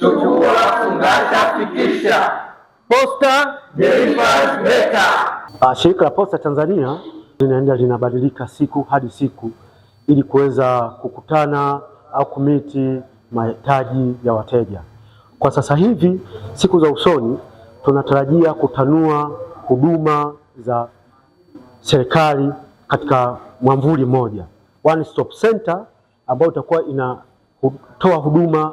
chukua, fungasha, fikisha. Posta delivers better. Ah, shirika la Posta Tanzania linaenda linabadilika siku hadi siku ili kuweza kukutana au kumiti mahitaji ya wateja. Kwa sasa hivi, siku za usoni tunatarajia kutanua huduma za serikali katika mwamvuli mmoja, one stop center ambayo itakuwa inatoa huduma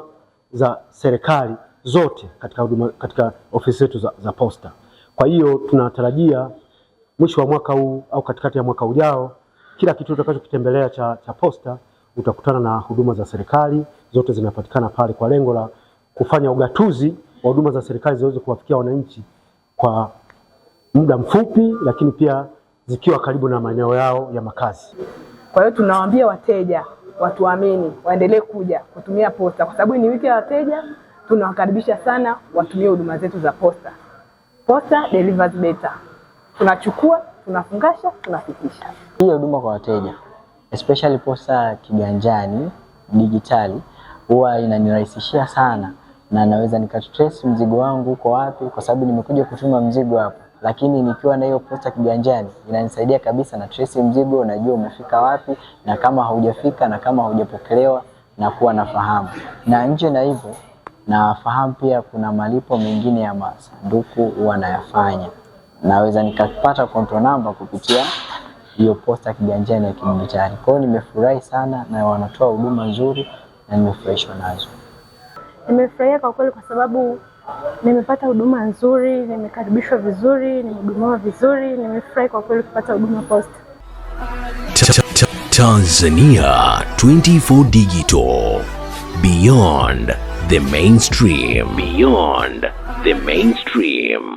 za serikali zote katika, huduma, katika ofisi zetu za, za posta. Kwa hiyo tunatarajia mwisho wa mwaka huu au katikati ya mwaka ujao, kila kitu utakachokitembelea cha, cha posta utakutana na huduma za serikali zote zinapatikana pale kwa lengo la kufanya ugatuzi wa huduma za serikali ziweze kuwafikia wananchi kwa muda mfupi, lakini pia zikiwa karibu na maeneo yao ya makazi. Kwa hiyo tunawaambia wateja watuamini, waendelee kuja kutumia posta, kwa sababu ni wiki ya wateja. Tunawakaribisha sana watumie huduma zetu za posta. Posta delivers better, tunachukua tunafungasha, tunafikisha. Hii huduma kwa wateja especially posta kiganjani dijitali huwa inanirahisishia sana, na naweza nikatrace mzigo wangu uko wapi, kwa sababu nimekuja kutuma mzigo hapa lakini nikiwa na hiyo posta kiganjani inanisaidia kabisa na trace mzigo, najua umefika wapi na kama haujafika na kama haujapokelewa na kuwa nafahamu. Na nje na hivyo nafahamu pia kuna malipo mengine ya masanduku wanayafanya, naweza nikapata control number kupitia hiyo posta kiganjani ya kidijitali. Kwa hiyo nimefurahi sana na wanatoa huduma nzuri na nimefurahishwa nazo. Nimefurahia kwa kweli kwa sababu Nimepata huduma nzuri, nimekaribishwa vizuri, nimehudumiwa vizuri, nimefurahi kwa kweli kupata huduma Posta. Tanzania 24 Digital beyond the mainstream, beyond the mainstream.